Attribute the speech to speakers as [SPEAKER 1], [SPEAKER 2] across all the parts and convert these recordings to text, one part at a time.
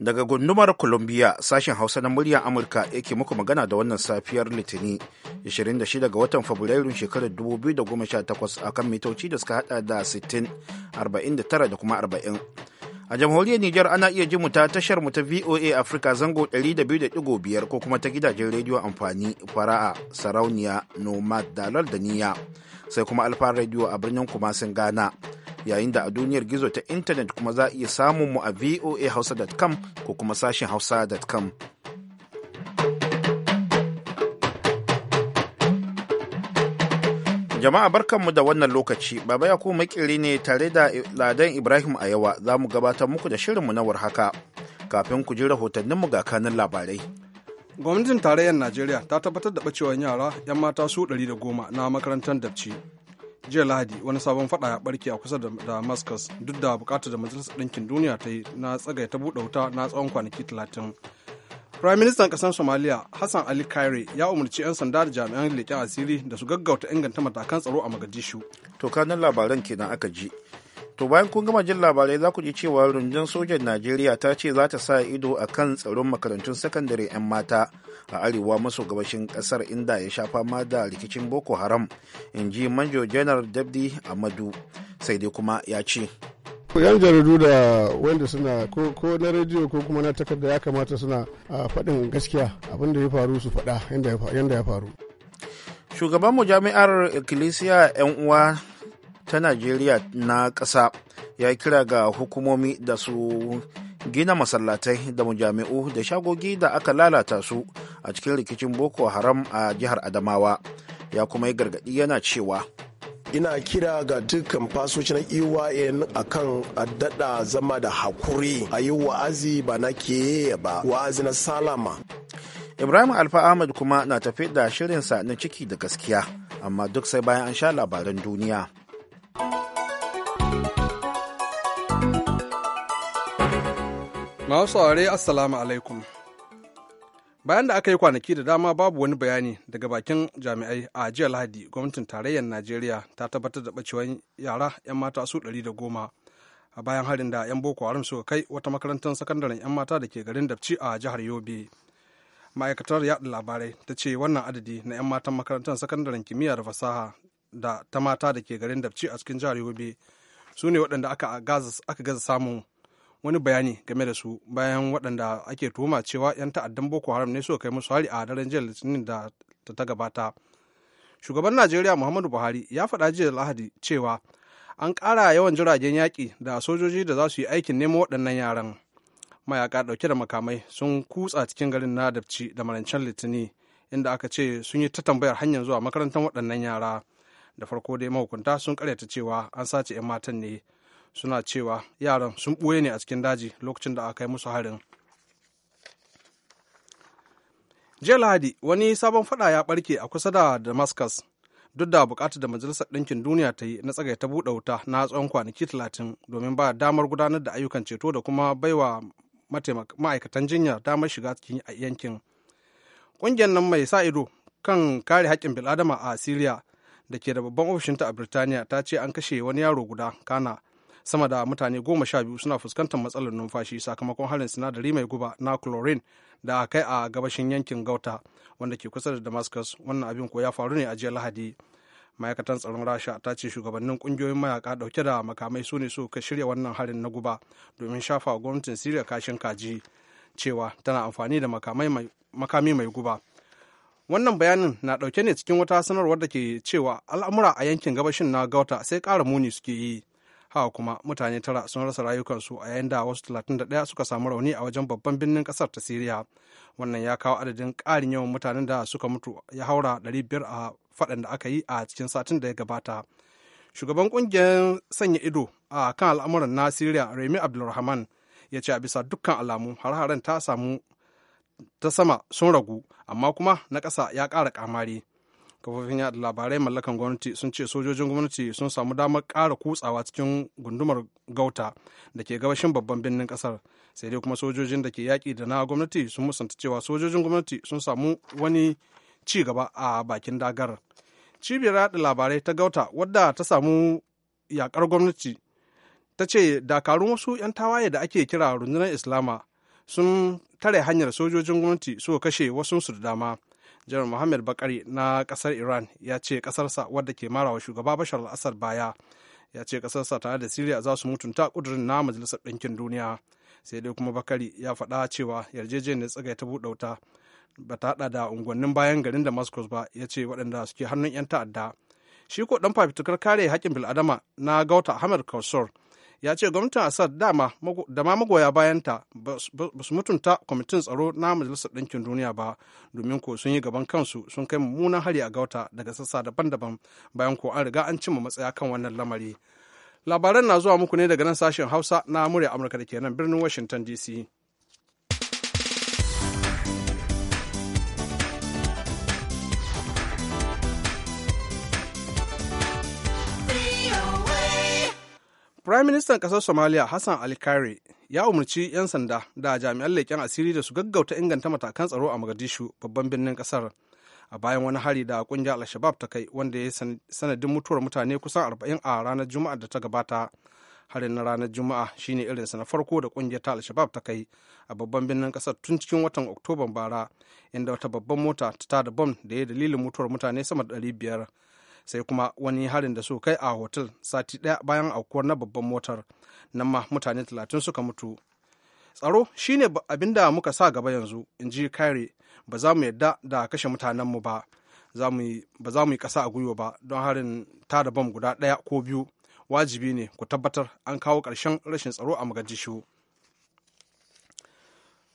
[SPEAKER 1] daga gundumar columbia sashen hausa na muryar amurka yake muku magana da wannan safiyar litini 26 ga watan fabrairun shekarar 2018 akan mitoci da suka hada da 60 49 da kuma 40 a jamhuriyar Nijar ana iya ji mu ta tashar mu ta VOA Africa zango 200.5 ko kuma ta gidajen rediyo amfani fara'a sarauniya nomad dalar da niyya sai kuma alfa rediyo a birnin kumasin gana yayin da a duniyar gizo ta intanet kuma za a iya samun mu a voa voahausa.com ko kuma sashin hausa.com Jama'a barkanmu da wannan lokaci, Baba ya Yakubu makiri ne tare da Ladan Ibrahim a yawa za mu gabatar muku da shirinmu na warhaka kafin ku ji rahotanninmu ga kanin labarai.
[SPEAKER 2] Gwamnatin tarayyar Najeriya ta tabbatar da bacewar yara 'yan mata su 110 na makarantar Dabci. Jiya Lahadi wani sabon faɗa ya barke a kusa da muscus duk da bukatar da Majalisar Ɗinkin Duniya ta yi na tsagaita buɗe wuta na tsawon kwanaki 30. Prime Minister kasar Somalia Hassan Ali kairi ya umarci 'yan sanda da jami'an leƙen asiri da su gaggauta inganta matakan tsaro a Mogadishu. To kanin labaran kenan aka ji. To bayan kun gama
[SPEAKER 1] jin labarai za ku ji cewa rundunar sojan Najeriya ta ce za ta sa ido a kan tsaron makarantun sakandare 'yan mata a arewa maso gabashin kasar inda ya sha fama da rikicin Boko Haram, in ji Manjo Janar Dabdi Amadu, sai dai kuma ya ce.
[SPEAKER 3] yan jaridu da wanda suna ko na rediyo ko kuma na takarda ya kamata suna faɗin gaskiya abin da ya faru su faɗa yadda ya faru
[SPEAKER 1] shugaban mu jami'ar ikkilisiya 'yan uwa ta najeriya na ƙasa ya kira ga hukumomi da su gina masallatai da mujami'u da shagogi da aka lalata su a cikin rikicin boko haram a jihar adamawa ya kuma yi gargaɗi yana cewa ina kira ga dukkan fasoci na EYN akan a daɗa zama da hakuri a yi wa'azi ba na keye ba wa'azi na salama. Ibrahim Alfa Ahmad kuma na tafi da shirinsa na ciki da gaskiya amma duk sai bayan an sha labaran duniya.
[SPEAKER 2] Masu aure Assalamu alaikum. bayan da aka yi kwanaki da dama babu wani bayani daga bakin jami'ai a jiya lahadi gwamnatin tarayyar najeriya ta tabbatar da ɓacewar yara 'yan mata su ɗari da goma a bayan harin da 'yan boko haram suka kai wata makarantar sakandaren 'yan mata da ke garin dabci a jihar yobe ma'aikatar yaɗa labarai ta ce wannan adadi na 'yan matan makarantar sakandaren kimiyya da fasaha da ta mata da ke garin dabci a cikin jihar yobe su ne waɗanda aka gaza samun wani bayani game da su bayan waɗanda ake tuhuma cewa 'yan ta'addan boko haram ne suka kai musu hari a daren jiya litinin da ta gabata shugaban najeriya muhammadu buhari ya faɗa jiya lahadi cewa an ƙara yawan jiragen yaƙi da sojoji da za su yi aikin nemo waɗannan yaran mayaka ɗauke da makamai sun kutsa cikin garin na da marancen litini inda aka ce sun yi ta tambayar hanyar zuwa makarantar waɗannan yara da farko dai mahukunta sun karyata cewa an sace 'yan matan ne suna cewa yaran sun ɓoye ne a cikin daji lokacin da aka kai musu harin jiya lahadi wani sabon fada ya barke a kusa da damascus duk da bukatar da majalisar ɗinkin duniya ta yi na tsagai ta buɗe wuta na tsawon kwanaki talatin domin ba damar gudanar da ayyukan ceto da kuma baiwa ma'aikatan jinya damar shiga cikin yankin ƙungiyar nan mai sa ido kan kare haƙƙin bil'adama a syria da ke da babban ofishinta a birtaniya ta ce an kashe wani yaro guda kana sama da mutane goma sha biyu suna fuskantar matsalar numfashi sakamakon harin sinadari mai guba na chlorine da kai a gabashin yankin gauta wanda ke kusa da damascus wannan abin ko ya faru ne a jiya lahadi ma'aikatan tsaron rasha ta ce shugabannin kungiyoyin mayaka dauke da makamai su ne ka shirya wannan harin na guba domin shafa gwamnatin siriya kashin kaji cewa tana amfani da makami mai guba wannan bayanin na dauke ne cikin wata sanarwar da ke cewa al'amura a yankin gabashin na gauta sai kara muni suke yi haka kuma mutane tara sun rasa rayukansu a yayin da wasu 31 suka samu rauni a wajen babban birnin kasar ta siriya wannan ya kawo adadin ƙarin yawan mutanen da suka mutu ya haura 500 a faɗan da aka yi a cikin satin da ya gabata shugaban ƙungiyar sanya ido a kan al'amuran na siriya remi abdulrahman ya ce a bisa dukkan alamu har-haren ta samu ta sama sun ragu amma kuma na ƙasa ya kara ƙamari kafofin yada labarai mallakan gwamnati sun ce sojojin gwamnati sun samu damar kara kutsawa cikin gundumar gauta da ke gabashin babban birnin ƙasar sai dai kuma sojojin da ke yaƙi da na gwamnati sun musanta cewa sojojin gwamnati sun samu wani ci gaba a bakin dagar cibiyar yada labarai ta gauta wadda ta samu yakar gwamnati ta ce dakarun wasu 'yan tawaye da ake kira rundunar islama sun tare hanyar sojojin gwamnati suka kashe wasu su da dama janar muhammad bakari na kasar iran ya ce kasarsa wadda ke marawa shugaba bashar al baya ya ce kasarsa tare da siriya za su mutunta kudurin na majalisar ɗinkin duniya sai dai kuma bakari ya faɗa cewa yarjejeniyar tsagai ta buɗe wuta ba ta haɗa da unguwannin bayan garin damascus ba ya ce waɗanda suke hannun 'yan ta'adda shi ko ɗan fafitukar kare haƙƙin bil'adama na gauta ahmed kausar ya ce gwamnatin Assad dama da ma magoya bayanta ba su mutunta kwamitin tsaro na Majalisar Ɗinkin Duniya ba domin ko sun yi gaban kansu sun kai mummunan hari a gauta daga sassa daban-daban bayan ko an riga an cimma matsaya kan wannan lamari. Labaran na zuwa muku ne daga nan sashen Hausa na murya Amurka da ke nan birnin Washington DC. Prime Ministan ƙasar Somalia Hassan Ali ya umarci 'yan sanda da jami'an leƙen asiri da su gaggauta inganta matakan tsaro a Mogadishu babban birnin ƙasar a bayan wani hari da ƙungiyar Al-Shabaab ta kai wanda ya sanadin mutuwar mutane kusan 40 a ranar Juma'a da ta gabata. Harin na ranar Juma'a shine sa na farko da ƙungiyar ta al ta kai a babban birnin ƙasar tun cikin watan oktoba bara inda wata babban mota ta tada bom da ya dalilin mutuwar mutane sama da 500 sai kuma wani harin da su kai a hotel sati ɗaya bayan aukuwar na babban motar nan ma mutane talatin suka mutu tsaro shine abin da muka sa gaba yanzu in ji kare ba za mu yadda da kashe mutanenmu ba ba za mu yi kasa a gwiwa ba don harin ta da bam guda ɗaya ko biyu wajibi ne ku tabbatar an kawo ƙarshen rashin tsaro a magadishu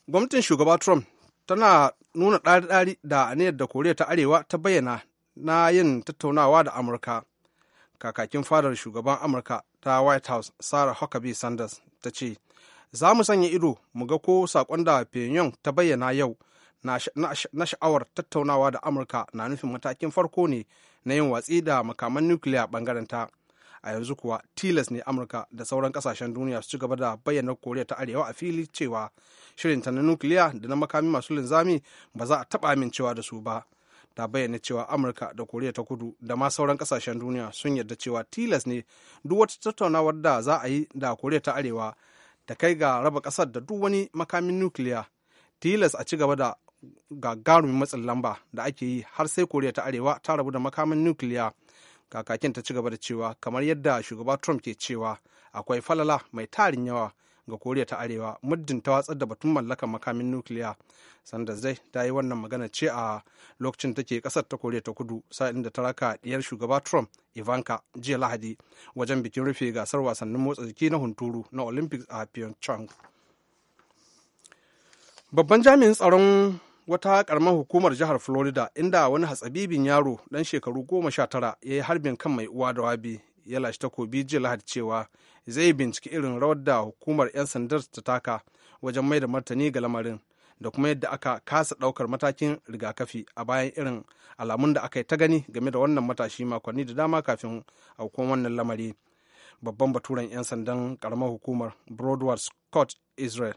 [SPEAKER 2] gwamnatin shugaba trump tana nuna ɗari-ɗari da aniyar da koriya ta arewa ta bayyana na yin tattaunawa da amurka kakakin fadar shugaban amurka ta white house sarah huckabee sanders ta ce za mu sanya ido mu ga ko sakon da pyongyang ta bayyana yau na sha'awar tattaunawa da amurka na nufin matakin farko ne na yin watsi da makaman nukiliya bangaren ta a yanzu kuwa tilas ne amurka da sauran kasashen duniya su ci gaba da bayyana koriya ta arewa a fili cewa shirin ta na nukiliya da na makami masu linzami ba za a taɓa amincewa da su ba ta bayyana cewa amurka da koriya ta kudu da ma sauran kasashen duniya sun yarda cewa tilas ne duk wata tattaunawar da za a yi da koriya ta arewa ta kai ga raba kasar da duk wani makamin nukiliya tilas a ci gaba da gagarumin matsin lamba da ake yi har sai koriya ta arewa ta rabu da makamin nukiliya kakakin ta ci gaba da cewa kamar yadda shugaba trump ke cewa akwai falala mai tarin yawa ga koriya ta arewa muddin ta watsar da batun mallakar makamin nukiliya sanders dai ta yi wannan magana ce a lokacin take kasar ta koriya ta kudu sa'in da ta raka diyar shugaba trump ivanka jiya lahadi wajen bikin rufe gasar wasannin motsa jiki na hunturu na olympics a pyeongchang babban jami'in tsaron wata karamar hukumar jihar florida inda wani hatsabibin yaro dan shekaru goma sha tara ya yi harbin kan mai uwa da wabi ya lashe takobi jiya lahadi cewa zai binciki irin rawar da hukumar 'yan sandar ta taka wajen mai da martani ga lamarin da kuma yadda aka kasa ɗaukar matakin rigakafi a bayan irin alamun da aka yi ta gani game da wannan matashi makonni da dama kafin aukuwan wannan lamari babban baturen 'yan sandan karamar hukumar broadward scott israel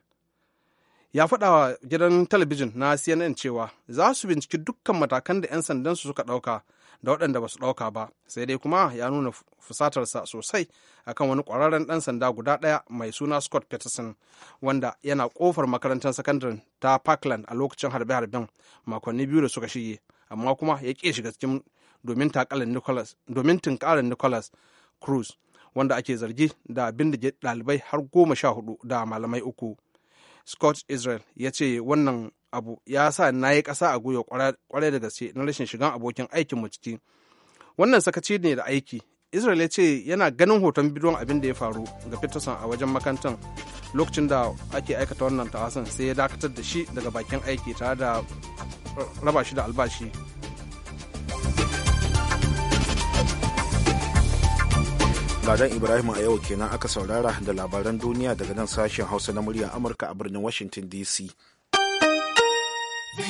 [SPEAKER 2] ya faɗa wa gidan talabijin na cnn cewa za su binciki dukkan matakan da 'yan sandan su suka ɗauka da waɗanda ba su ɗauka ba sai dai kuma ya nuna fusatarsa sosai akan wani ƙwararren ɗan sanda guda ɗaya mai suna scott peterson wanda yana ƙofar makarantar sakandaren ta parkland a lokacin harbe-harben makonni biyu da suka shige amma kuma ya ƙi shiga cikin domin tunkarin nicholas cruz wanda ake zargi da bindige ɗalibai har goma sha hudu da malamai uku scott israel ya ce wannan abu ya sa na yi kasa a gwiwa kwarai da gaske na rashin shigan abokin aikinmu ciki wannan sakaci ne da aiki israel ya ce yana ganin hoton bidiyon abin da ya faru ga peterson a wajen makantan lokacin da ake aikata wannan tawasan sai ya dakatar da shi daga bakin aiki tare da raba shi da albashi
[SPEAKER 1] Ladan Ibrahim a yau kenan aka saurara da labaran duniya daga nan sashen Hausa na muryar Amurka a birnin Washington DC. To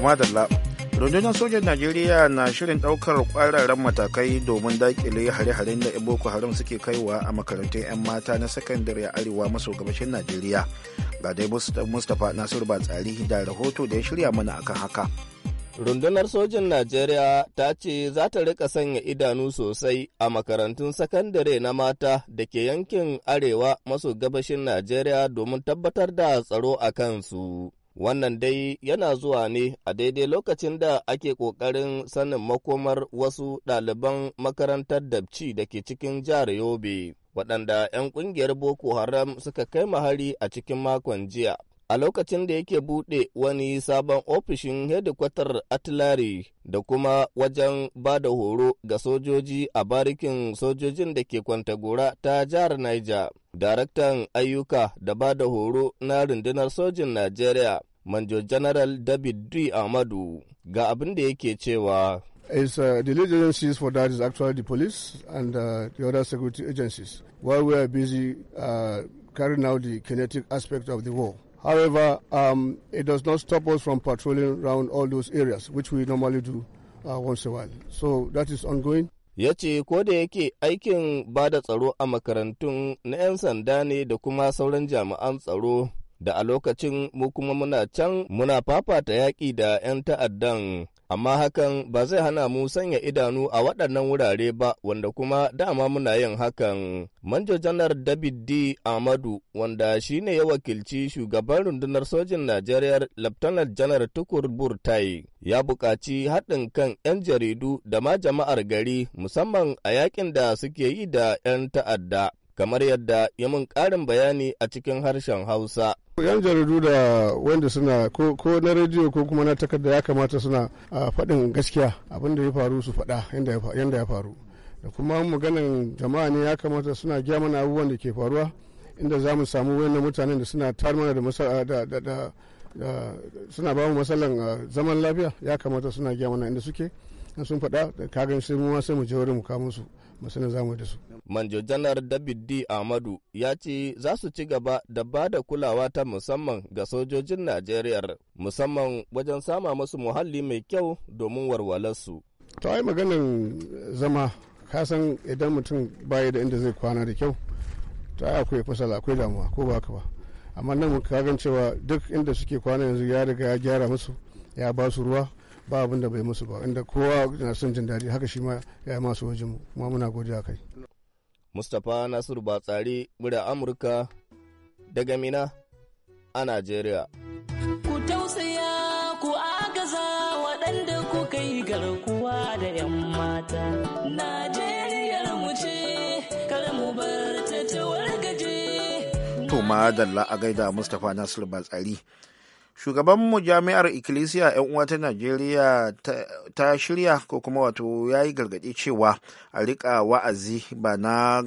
[SPEAKER 1] madalla, rundunar sojan Najeriya na shirin ɗaukar ƙwararren matakai domin daƙile hare-haren da 'yan Boko Haram suke kaiwa a makarantun 'yan mata na sakandare a arewa maso gabashin Najeriya. Ga dai Mustapha Nasiru Batsari da rahoto da ya shirya mana akan haka.
[SPEAKER 4] Rundunar sojin Najeriya ta ce za ta rika sanya idanu sosai a makarantun sakandare na mata da ke yankin arewa maso gabashin Najeriya domin tabbatar da tsaro a kansu. Wannan dai yana zuwa ne a daidai lokacin da ake ƙoƙarin sanin makomar wasu ɗaliban makarantar dabci da ke cikin jihar Yobe, waɗanda 'yan ƙungiyar Boko Haram suka kai mahari a cikin makon jiya. a lokacin da yake buɗe wani sabon ofishin hedikwatar atilari da kuma wajen ba da horo ga sojoji a barikin sojojin da ke kwantagora ta jihar Niger. Daraktan ayyuka da ba da horo na rundunar sojin Najeriya, Manjo General David D. Ahmadu, ga abin da yake cewa.
[SPEAKER 3] It's, uh, the lead agencies for that is actually the police and uh, the other security agencies. While we are busy uh, carrying out the kinetic aspect of the war, However, um, it does not stop us from patrolling around all those areas, which we normally do uh, once a while. So that is
[SPEAKER 4] ongoing. ya ce ko da yake aikin ba da tsaro a makarantun na 'yan sanda ne da kuma sauran jami'an tsaro da a lokacin mu kuma muna can muna fafata yaƙi da 'yan ta'addan amma hakan ba zai hana mu sanya idanu a waɗannan wurare ba wanda kuma dama muna yin hakan. Manjo janar David D. Amadu wanda shi ne ya wakilci shugaban rundunar sojin Najeriya Laftanar janar Tukur Burtai ya buƙaci haɗin kan 'yan jaridu da ma jama'ar gari musamman a yakin da suke yi da 'yan ta'adda. Kamar yadda ya mun ƙarin bayani a cikin harshen Hausa.
[SPEAKER 3] yan jaridu da wanda suna ko na rediyo ko kuma na takarda ya kamata suna faɗin gaskiya abinda ya faru su faɗa yadda ya faru da kuma maganan jama'a ne ya kamata suna gya mana abubuwan da ke faruwa inda za mu samu wani mutanen da suna tar mana da suna ba mu matsalan zaman lafiya ya kamata suna gya mana inda suke sun faɗa kagan sai mu ma sai mu je wurin mu kamo su masana zamu da su.
[SPEAKER 4] Manjo Janar David D. Ahmadu ya ce za su ci gaba da ba da kulawa ta musamman ga sojojin Najeriya musamman wajen sama masu muhalli mai kyau domin warwalarsu.
[SPEAKER 3] To ai maganin eh, zama kasan idan mutum baya da inda zai kwana da kyau ta ai akwai fasala akwai damuwa ko ba ba amma nan ka gan cewa duk inda suke kwana yanzu ya riga ya gyara musu ya ba su ruwa ba abin da bai musu ba inda kowa na son jin daɗi haka shi ma ya yi masu wajen kuma muna godiya kai
[SPEAKER 4] mustapha nasiru batsari murya amurka daga mina a najeriya ku tausaya
[SPEAKER 1] ku agaza waɗanda
[SPEAKER 4] ku kai garkuwa da 'yan mata
[SPEAKER 1] Najeriya mu ce kar bar ta ta wargaje to ma dalla a gaida mustapha nasiru batsari shugaban mu jami'ar ikkilisiya yan uwa ta najeriya ta shirya ko kuma wato ya yi gargaɗi cewa a riƙa wa'azi ba na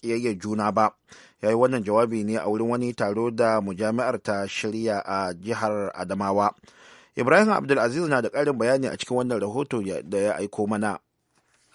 [SPEAKER 1] ƙiyayyar juna ba ya yi wannan jawabi ne a wurin wani taro da mujami'ar ta shirya a jihar adamawa ibrahim abdulaziz na da ƙarin bayani a cikin wannan rahoto da ya aiko mana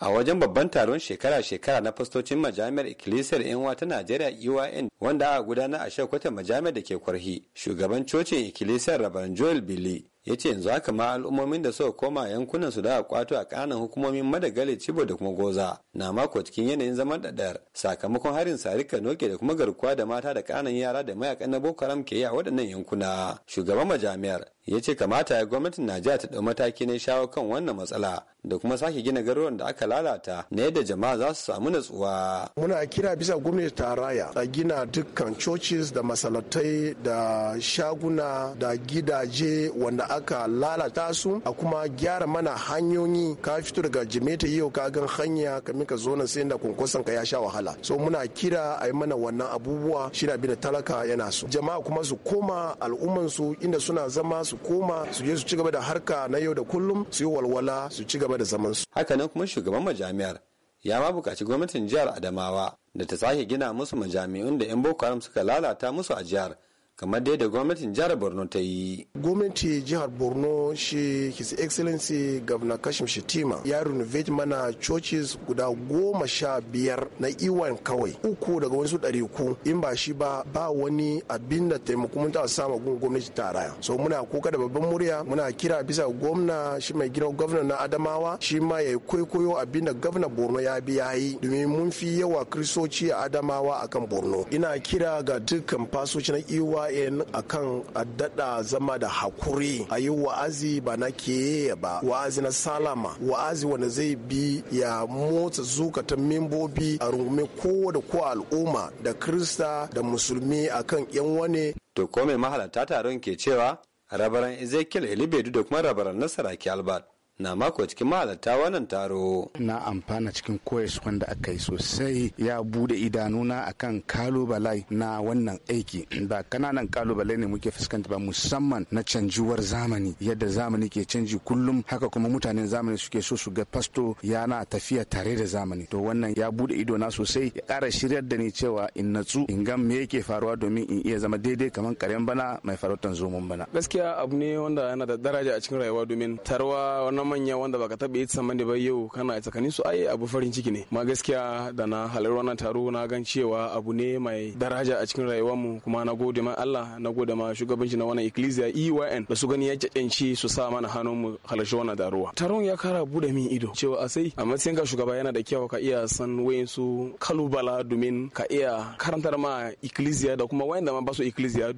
[SPEAKER 5] a wajen babban taron shekara-shekara na fastocin majami'ar ikkilisiyar yanwa ta najeriya eyn wanda aka gudana a shekwatan majami'ar da ke kwarhi shugaban cocin ikkilisiyar rabaran joel billy ya ce yanzu haka ma al'ummomin da suka koma yankunan su da kwato a kanan hukumomin madagali cibo da kuma goza na mako cikin yanayin zaman ɗaɗɗar sakamakon harin sarika noke da kuma garkuwa da mata da kanan yara da mayakan na boko haram ke yi a waɗannan yankuna shugaban majami'ar ya ce kamata ya gwamnatin najeriya ta ɗau mataki na shawo kan wannan matsala da kuma sake gina garuruwan da aka lalata na yadda jama'a za su samu natsuwa.
[SPEAKER 6] muna kira bisa gwamnati ta raya a gina dukkan churches da masalatai da shaguna da gidaje wanda aka lalata su a kuma gyara mana hanyoyi ka fito daga jimeta yau ka gan hanya kamin ka zo na sai da kunkusan ka ya sha wahala so muna kira a yi mana wannan abubuwa shi na bi talaka yana su jama'a kuma su koma al'ummansu inda suna zama su su koma
[SPEAKER 5] su je su ci gaba da harka na yau da kullum su yi walwala su ci gaba da zaman su haka nan kuma shugaban majami'ar ya ma bukaci gwamnatin jihar adamawa da ta sake gina musu majami'un da 'yan boko haram suka lalata musu a jihar kamar dai da gwamnatin jihar borno ta yi gwamnati
[SPEAKER 6] jihar borno shi his excellency governor kashim shetima ya renovate mana churches guda goma sha biyar na iwan e kawai uku daga wasu ɗari ku in ba shi ba ba wani abin da taimako mun taɓa samu gun gwamnati raya so muna kuka da babban murya muna kira bisa gwamna shi mai gidan gwamna na adamawa shi ma ya yi kwaikwayo abin da gwamna borno ya bi ya yi domin mun fi yawa kristoci a adamawa akan borno ina kira ga dukkan fasoci na iwa e ra'ayin akan daɗa zama da hakuri a yi wa'azi ba na keye ba wa'azi na salama wa'azi wanda zai bi ya motsa zukatan membobi a rungumi kowa da kowa al'umma da krista da musulmi akan yan wane
[SPEAKER 5] to ko mai mahalarta taron ke cewa rabaran ezekiel elibedu da kuma rabaran nasara ke albert na mako cikin mahalarta wannan taro. Na
[SPEAKER 1] amfana cikin koyas wanda aka yi sosai ya bude idanuna akan kalubalai na wannan aiki ba kananan kalubalai ne muke fuskanta ba musamman na canjuwar zamani yadda zamani ke canji kullum haka kuma mutanen zamani suke so su ga fasto yana tafiya tare da zamani to wannan ya bude na sosai ya kara shiryar da ni cewa in natsu in ga me yake faruwa domin in iya zama daidai kamar karen bana mai farautan zomon bana
[SPEAKER 7] gaskiya abu ne wanda yana da daraja a cikin rayuwa domin tarwa wannan manya wanda baka taɓa yi tsammani ba yau kana tsakanin su ai abu farin ciki ne ma gaskiya da na halar wannan taro na gan cewa abu ne mai daraja a cikin rayuwar mu kuma na gode ma Allah na gode ma shugabanci na wannan ecclesia EYN da su gani ya cancanci su sa mana hannun mu halarci wannan taruwa taron ya kara bude min ido cewa a sai a matsayin ka shugaba yana da kyau ka iya san wayin su kalubala domin ka iya karantar ma
[SPEAKER 5] ecclesia da kuma wayanda ma ba su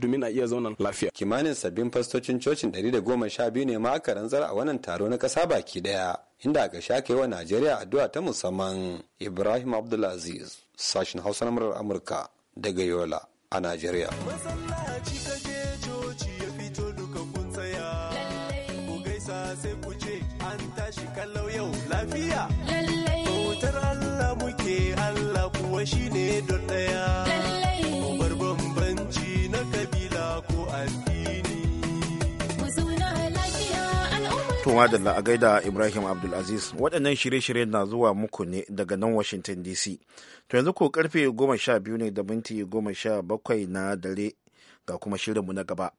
[SPEAKER 5] domin a iya zauna lafiya kimanin sabbin fastocin cocin 112 ne ma aka rantsar a wannan taro na kasa kasa baki ɗaya inda aka sha yi wa Najeriya addu'a ta musamman Ibrahim Abdulaziz sashen Hausa na murar Amurka daga Yola a Najeriya. Masallaci kaje coci ya fito gaisa sai ku ce an tashi yau lafiya. Allah muke Allah kuwa shine don ɗaya.
[SPEAKER 1] madalla a gaida Ibrahim Abdulaziz waɗannan shirye-shirye na zuwa muku ne daga nan Washington DC. To yanzu ko karfe goma sha biyu ne da minti goma sha bakwai na dare ga kuma shirinmu na gaba.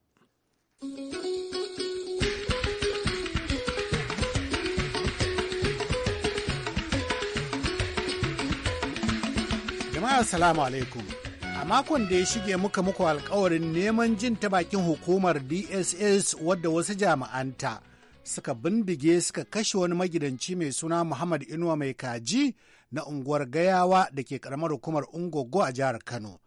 [SPEAKER 8] Jama'a salamu alaikum. A makon da ya shige muka muku alkawarin neman jin ta bakin hukumar DSS wadda wasu jami'anta. suka bindige suka kashe wani magidanci mai suna Muhammad Inuwa mai kaji na unguwar Gayawa da ke karamar hukumar Ungogo a jihar Kano.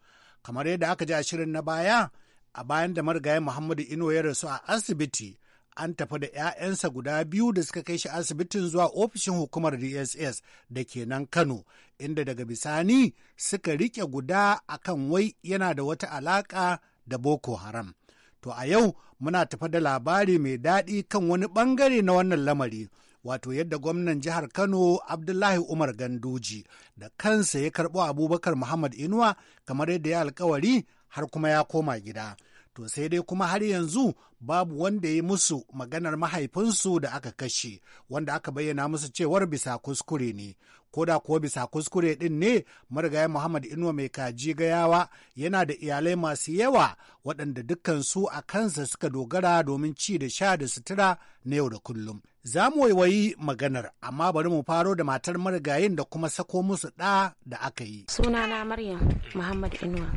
[SPEAKER 8] Kamar yadda aka ji a shirin na baya, a bayan da marigayi Muhammadu Inuwa ya rasu a asibiti, an tafi da 'ya'yansa guda biyu da suka kai shi asibitin zuwa ofishin hukumar DSS da ke nan Kano, inda daga bisani suka rike guda akan wai yana da wata alaka da Boko Haram. To a yau muna tafa da labari mai daɗi kan wani ɓangare na wannan lamari, wato yadda gwamnan jihar Kano Abdullahi Umar Ganduji da kansa ya karɓo Abubakar Muhammad Inuwa kamar yadda ya alkawari har kuma ya koma gida. To sai dai kuma har yanzu babu wanda ya yi musu maganar mahaifinsu da aka kashe, wanda aka bayyana musu cewar bisa kuskure ne. ko da kuwa bisa kuskure ɗin ne marigayi Muhammad Inuwa mai kaji gayawa yana da iyalai masu yawa waɗanda dukkansu a kansa suka dogara domin ci da sha da sutura na yau da kullum. Za mu waiwayi maganar, amma bari mu faro da matar marigayin da kuma sako musu ɗa da aka yi.
[SPEAKER 7] Sunana Maryam Muhammad Inuwa.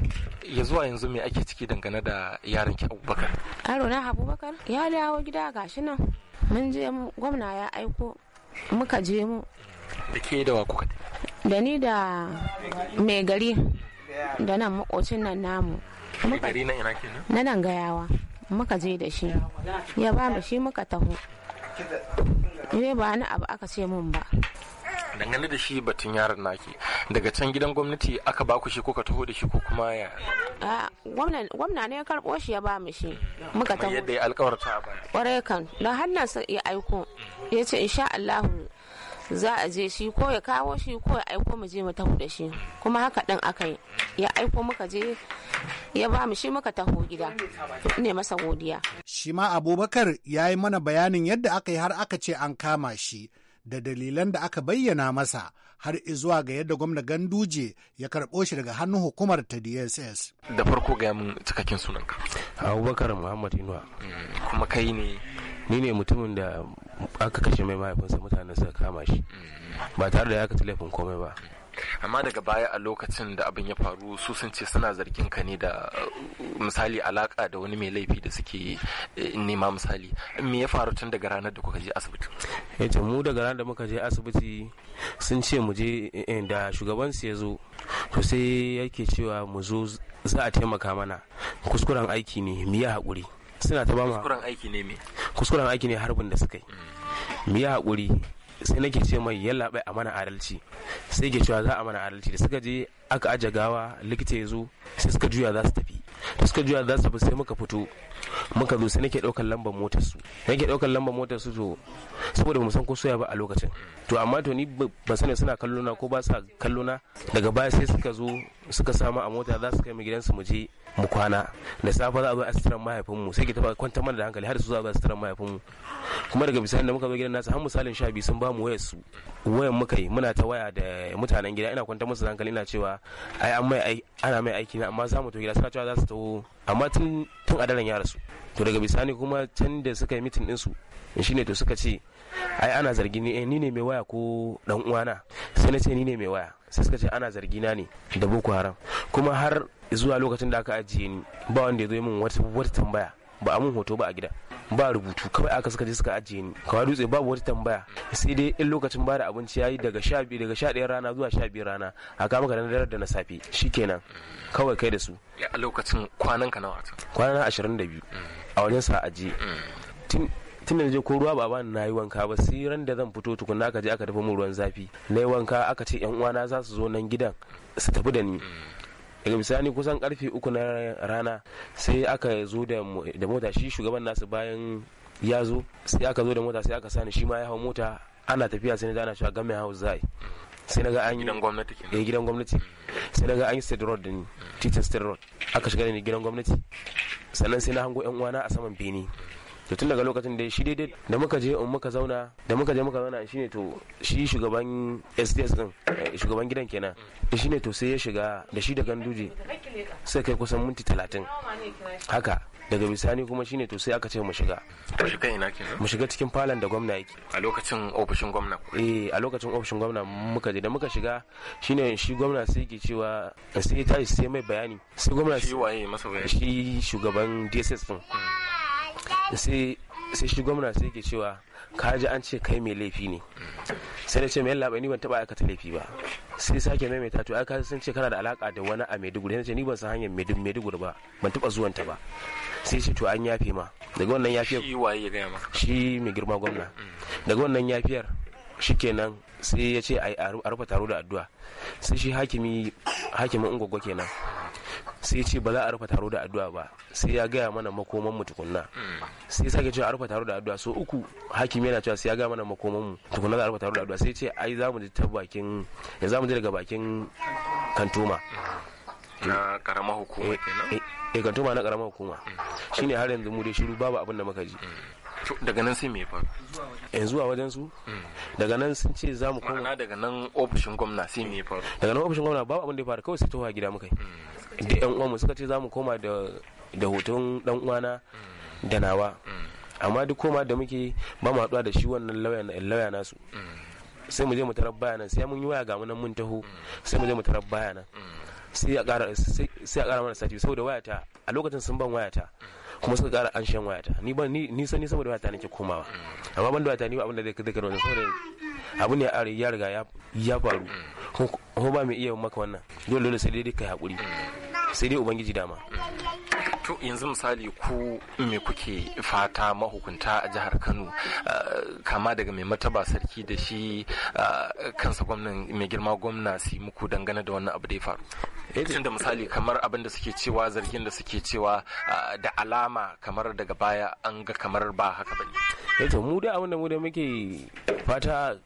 [SPEAKER 9] Ya zuwa yanzu me ake ciki dangane da yaron ki Abubakar?
[SPEAKER 7] Yaro na Abubakar ya dawo gida gashi nan. Mun je gwamna ya aiko
[SPEAKER 5] muka je
[SPEAKER 9] mu da ke da wa kuka
[SPEAKER 7] da ni da mai gari da nan makocin nan namu
[SPEAKER 9] mai gari nan ina kenan
[SPEAKER 7] na nan gayawa muka je da shi ya ba mu shi muka taho ne ba ni abu aka ce mun ba
[SPEAKER 9] dangane da shi batun yaron naki daga can gidan gwamnati aka baku shi kuka taho da shi ko kuma ya
[SPEAKER 7] gwamna ne ya karɓo shi ya ba mu shi muka taho yadda
[SPEAKER 9] ya alkawarta ba
[SPEAKER 7] kwarai kan don hannansa ya aiko ya ce insha Allah za a je shi ko ya kawo shi ko ya aiko mu je mu taho da shi kuma haka din aka yi ya aiko muka je ya ba mu shi muka taho gida ne masa godiya
[SPEAKER 8] shi ma abubakar ya yi mana bayanin yadda aka yi har aka ce an kama shi da dalilan da aka bayyana masa har izuwa ga yadda gwamna ganduje ya karɓo shi daga hannun hukumar ta dss
[SPEAKER 9] da farko ga mun cikakken sunanka abubakar muhammad inuwa mm, kuma kai ne ni ne mutumin da aka kashe mai mahaifinsa mutanen suka kama shi ba tare da ya ka laifin komai ba amma daga baya a lokacin da abin ya faru su sun ce suna zargin ka ne da misali alaka da wani mai laifi da suke nema misali me ya faru tun daga ranar da kuka je asibiti
[SPEAKER 7] yace eh mu daga ranar
[SPEAKER 9] da muka je asibiti
[SPEAKER 7] sun ce mu je eh, da shugaban su ya zo to sai yake cewa mu zo za a taimaka mana kuskuren aiki ne mu yi haƙuri suna ta ba mu kuskuren aiki ne me kuskuren aiki ne harbin da suka yi mu hakuri haƙuri sai nake ce mai yalla bai a mana adalci sai ke cewa za a mana adalci da suka je aka aje gawa likita ya zo sai suka juya za su tafi da suka juya za su tafi sai muka fito muka zo sai nake daukar lambar motar su nake daukar lambar motar su to saboda mu san ko soya ba a lokacin to amma to ni ba sani suna kallona ko ba sa kallona daga baya sai suka zo suka samu a mota za su kai mu gidansu mu je mu kwana da safe za a zo asiran mahaifinmu sai ki taba kwanta mana da hankali har su za a zo asiran mahaifinmu kuma daga bisani da muka zo gidan nasu har misalin sha biyu sun ba mu wayar su wayan muka yi muna ta waya da mutanen gida ina kwanta musu da hankali ina cewa ai an mai ana mai aiki na amma za mu to gida suna cewa za su taho amma tun tun a daren ya rasu to daga bisani kuma can da suka yi mitin din su shine to suka ce ai ana zargi ni eh, ne mai waya ko dan uwana sai na ce ni ne mai waya sai suka ce ana zargina ne da boko haram kuma har zuwa lokacin da aka ajiye ni ba wanda ya zo min wata tambaya ba a mun hoto ba a gida ba rubutu kawai aka suka je suka ajiye ni kawai dutse babu wata tambaya sai dai in lokacin ba da abinci yayi daga sha biyu daga sha ɗaya rana zuwa sha biyu rana a kama ka dare da na safe shikenan kawai kai da su
[SPEAKER 9] a lokacin kwanan ka nawa
[SPEAKER 7] kwanan ashirin da biyu a wajen sa ajiye mm. tun tun da je ko ruwa ba bani nayi wanka ba sai ran da zan fito tukun aka je aka dafa mun ruwan zafi yi wanka aka ce yan uwana za su zo nan gidan su tafi da ni daga misali kusan karfe uku na rana sai aka zo da mota shi shugaban nasu bayan ya zo sai aka zo da mota sai aka sani shi ma ya hau mota ana tafiya sai na dana shi a gamin hau zai sai ga an yi gidan gwamnati eh gidan gwamnati sai an yi state road din titin state road aka shiga ne gidan gwamnati sannan sai na hango yan uwana a saman bene to tun daga lokacin da shi daidai da muka je in muka zauna da muka je muka zauna shine to shi shugaban SDS din eh, shugaban gidan kenan shi ne to sai ya shiga da shi da ganduje sai kai kusan minti talatin haka daga bisani kuma shine to sai aka ce mu shiga mu shiga ina kenan mu shiga cikin falon da gwamna yake a lokacin ofishin gwamna eh a lokacin ofishin gwamna muka je da muka shiga shine shi gwamna sai yake cewa sai ta sai mai bayani sai gwamna shi waye masa bayani shi shugaban DSS din hmm. sai shi gwamna sai ke cewa ka ji an ce kai mai laifi ne sai da ce mai labai ni ban taba aikata laifi ba sai sake maimaita to ai san ce kana da alaka da wani a Maiduguri sai ce ni ban san hanyar Maiduguri ba ban taba zuwan ta ba sai ce to an yafe ma
[SPEAKER 9] daga wannan yafiyar shi waye ya gaya ma
[SPEAKER 7] shi mai girma gwamna daga wannan yafiyar shikenan sai ya ce a rufe taro da addu'a sai shi hakimi hakimin ungwaggo kenan sai ya ce ba za a rufe taro da addu'a ba sai ya gaya mana makoman mu tukunna sai sake cewa a rufe taro da addu'a so uku hakimi yana cewa sai ya gaya mana makoman mu tukunna za a rufe taro da addu'a sai ya ce ai za mu ji ta bakin ya za mu ji daga bakin kantoma na karamar hukuma eh, kenan eh, eh kantoma na karamar hukuma shine har yanzu mu dai shiru babu abin da muka ji daga nan sai me faru yanzu eh, a wajen su hmm. daga nan sun ce za mu koma ma'ana daga nan ofishin gwamna sai me faru daga nan ofishin gwamna babu abin da ya faru kawai sai towa gida muka yi hmm. da yan uwanmu suka ce za mu koma da hoton dan uwana hmm. da nawa amma duk koma da muke ba mu haɗuwa da shi wannan lauya nasu sai mu je mu tarar bayanan sai mun yi waya ga nan mun taho sai mu je mu tarar bayanan sai a ƙara mana sati saboda wayata a lokacin sun ban wayata kuma suka kara an shan wayata ni ba ni sani saboda wayata nake komawa amma ban da wayata ni ba abin da zai kai wannan saboda abu ne ya riga ya faru ko ba mai iya maka wannan dole dole sai dai kai hakuri sai dai ubangiji dama
[SPEAKER 9] to yanzu misali ku me kuke fata mahukunta a jihar kano eh, kama daga mai mataba sarki da shi eh, kansa gwamnan mai girma gwamna su muku dangane da wannan abu da ya faru eh, da misali kamar abin da suke cewa zargin da suke cewa da alama kamar daga baya an ga kamar ba haka bane yato mu da abin da mu da muke fata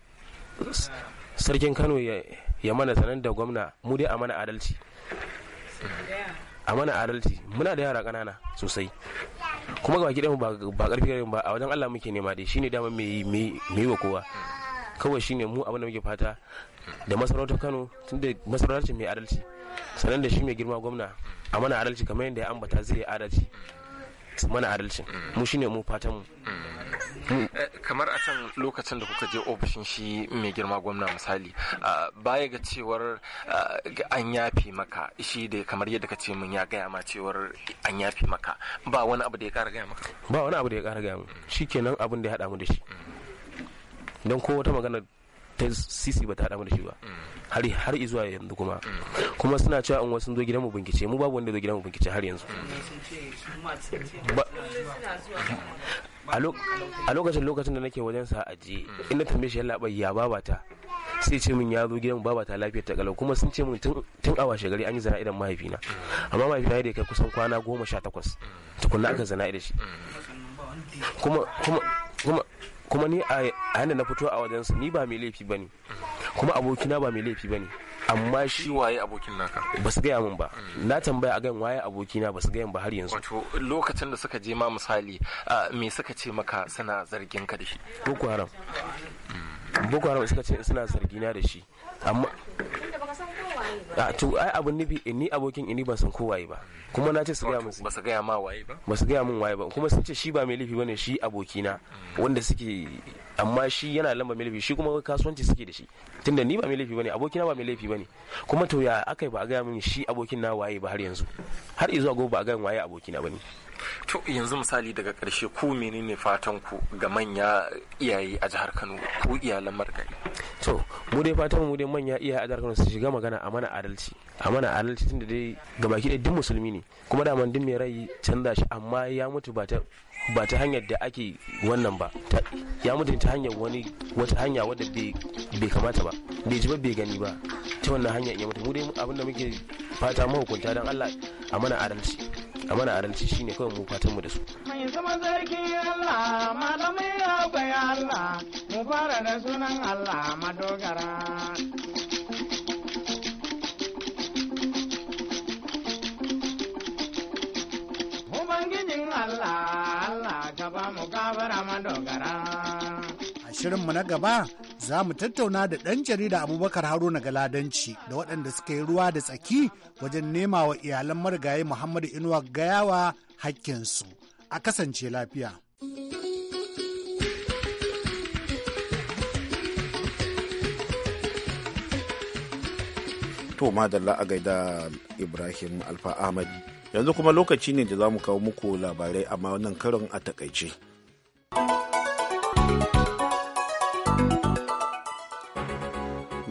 [SPEAKER 7] sarkin kano ya mana sanar da gwamna mu dai a mana adalci mm. a mana adalci muna da yara kanana sosai kuma ga gidan ba karfi garin ba a wajen Allah muke nema dai shine dama me yi wa kowa kawai shine mu abin da muke fata da masarautar Kano tunda masarautar mai adalci sannan da shi mai girma gwamna a mana adalci
[SPEAKER 9] kamar yadda ya ambata zai adalci su mana adalci mu shine mu fatan mu Eh, kamar a can lokacin da kuka je ofishin shi mai girma gwamna misali baya ga cewar an yafe maka shi da kamar yadda ka ce min ya gaya ma cewar an yafe maka ba wani abu da ya kara gaya maka
[SPEAKER 7] ba wani abu da ya kara gaya maka shikenan abin da ya haɗa mu da shi don ko wata magana ta sisi ba ta haɗa mu da shi ba har har zuwa yanzu kuma kuma suna cewa an wasu zo gidan mu bincike mu babu wanda zo gidan mu bincike har yanzu
[SPEAKER 2] a lokacin
[SPEAKER 7] lokacin da nake wajen sa aji mm. ina tambaye shi yallaɓa ya babata sai ce min ya zo gidan babata lafiyar ta kalau kuma sun ce min tun awa shagari an yi zana idan mahaifina mm. amma mahaifina da kai kusan kwana goma sha takwas mm. tukunna aka zana idan shi kuma kuma kuma kuma ni a yanda na fito a wajen su ni ba mai laifi ba ne kuma abokina ba
[SPEAKER 9] mai laifi ba ne amma shi waye abokin naka ba su gaya min ba na tambaya a gan waye abokina ba su gaya ba har yanzu wato lokacin da suka je ma misali me suka ce maka suna zargin ka da shi
[SPEAKER 7] boko haram boko haram suka ce suna zargina da shi amma a ah, to ai abun nufi eh, ni abokin ini eh, ban san kowaye ba kuma
[SPEAKER 9] na ce su gaya musu basu gaya ma waye ba
[SPEAKER 7] basu gaya min waye ba kuma sun ce shi ba mai laifi bane shi abokina hmm. wanda suke amma shi yana lamba mai laifi shi kuma kasuwanci suke da shi tunda ni ba mai laifi bane abokina ba mai laifi bane kuma to ya akai ba a gaya min shi abokin na waye ba har yanzu har izuwa
[SPEAKER 9] gobe ba a gaya waye abokina bane to yanzu misali daga ƙarshe ku menene fatan ku ga manya iyaye a jihar Kano ko iyalan margari
[SPEAKER 7] to mu dai fatan mu dai manya iyaye a jihar Kano su shiga magana a mana adalci a mana adalci tunda dai gabaki dai duk musulmi ne kuma da man duk mai rai canza shi amma ya mutu ba ta ba ta hanyar da ake wannan ba ya mutu ta hanyar wani wata hanya wadda bai kamata ba bai ji ba bai gani ba ta wannan hanya ya mutu mu dai abinda muke fata mahukunta don Allah a mana adalci a mana adalci shine kawai mu fatan mu da su
[SPEAKER 4] mai sama sarki Allah malamai ya bai Allah mu fara da sunan Allah madogara Ubangijin Allah Allah ka ba mu kafara madogara
[SPEAKER 8] shirinmu na gaba za mu tattauna da ɗan jarida abubakar haruna galadanci da waɗanda suka yi ruwa da tsaki wajen nema wa iyalan marigayi muhammadu inuwa gayawa hakkinsu a kasance lafiya
[SPEAKER 1] to madalla a gaida ibrahim alfa ahmad yanzu kuma lokaci ne da za mu kawo muku labarai amma wannan karin a takaice.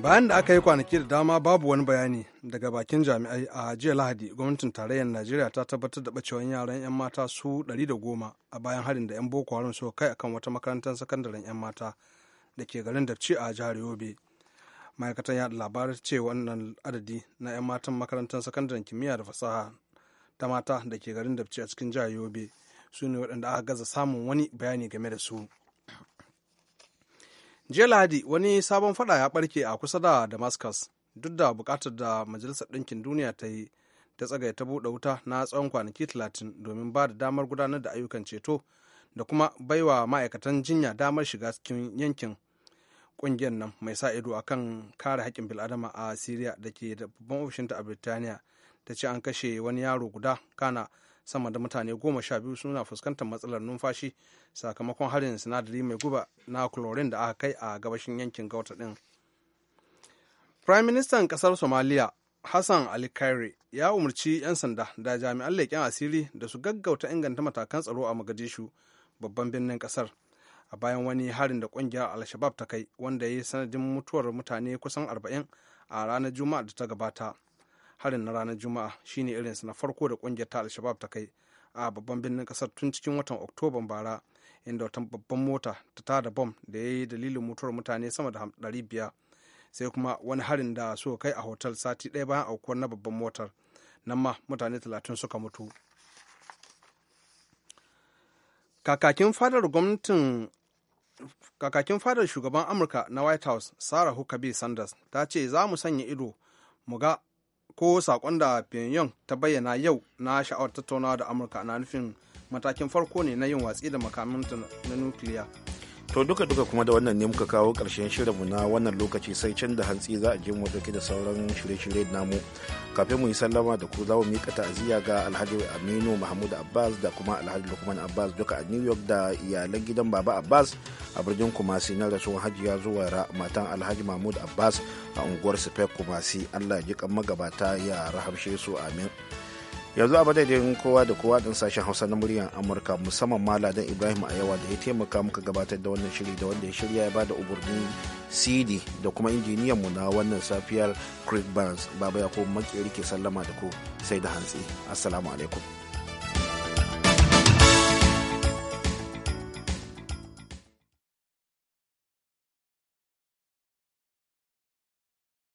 [SPEAKER 2] bayan da aka yi kwanaki da dama babu wani bayani daga bakin jami'ai a jiya lahadi gwamnatin tarayyar najeriya ta tabbatar da bacewan yaran 'yan mata su 110 a bayan harin da 'yan boko haram suka kai akan wata makarantar sakandaren 'yan mata da ke garin dabci a jihar yobe ma'aikatan yada labarai ce wannan adadi na 'yan matan makarantar sakandaren kimiyya da fasaha ta mata da ke garin dabci a cikin jihar yobe su ne waɗanda aka gaza samun wani bayani game da su jiya lahadi wani sabon fada ya barke a kusa da damascus duk da bukatar da majalisar ɗinkin duniya ta yi ta tsagaye ta buɗe wuta na tsawon kwanaki talatin domin ba da damar gudanar da ayyukan ceto da kuma baiwa ma'aikatan jinya damar shiga cikin yankin ƙungiyar nan mai sa ido a kan kare haƙƙin bil'adama a siriya da ke da babban ofishinta a birtaniya ta ce an kashe wani yaro guda kana sama da mutane goma sha biyu suna fuskantar matsalar numfashi sakamakon harin sinadari mai guba na chlorine da aka kai a gabashin yankin gauta din prime ministan kasar somaliya hassan ali kairi ya umarci 'yan sanda da jami'an leƙen asiri da su gaggauta inganta matakan tsaro a mogadishu babban birnin kasar a bayan wani harin da kungiyar al ta kai wanda ya yi sanadin mutuwar mutane kusan 40 a ranar juma'a da ta gabata harin na ranar juma'a shine irinsa na farko da kungiyar ta alshabab ta kai a babban birnin kasar tun cikin watan oktoban bara inda wata babban mota ta tada bom da ya yi dalilin mutuwar mutane sama da 500 sai kuma wani harin da suka kai a hotel sati ɗaya bayan aukuwar na babban motar nan ma mutane talatin suka mutu kakakin fadar gwamnatin kakakin fadar shugaban amurka na white house sarah huckabee sanders ta ce za mu sanya ido mu ga ko sakon da pyongyang ta bayyana yau na sha'awar tattaunawa da amurka na nufin matakin farko ne na yin watsi da makamanta na nukiliya
[SPEAKER 1] to duka duka kuma da wannan ne muka kawo ƙarshen shirinmu na wannan lokaci sai can da hantsi za a je mu dauke da sauran shirye-shirye namu kafin mu yi sallama da ku za mu miƙa ta'aziyya ga alhaji aminu mahmud abbas da kuma alhaji lukman abbas duka a new york da iyalan gidan baba abbas a birnin kumasi na rasuwar hajiya zuwa ra matan alhaji mahmud abbas a unguwar sufek kumasi allah ya ji kan magabata ya rahamshe su amin yanzu a madadin kowa da kowa ɗin sashen hausa na muryar amurka musamman maladan ibrahim ayawa da ya taimaka muka gabatar da wannan shiri da wanda ya shirya ya bada umarnin cd da kuma injiniyan mu na wannan safiyar craig barnes baba ya ko makeri ke sallama da ku sai da hantsi assalamu alaikum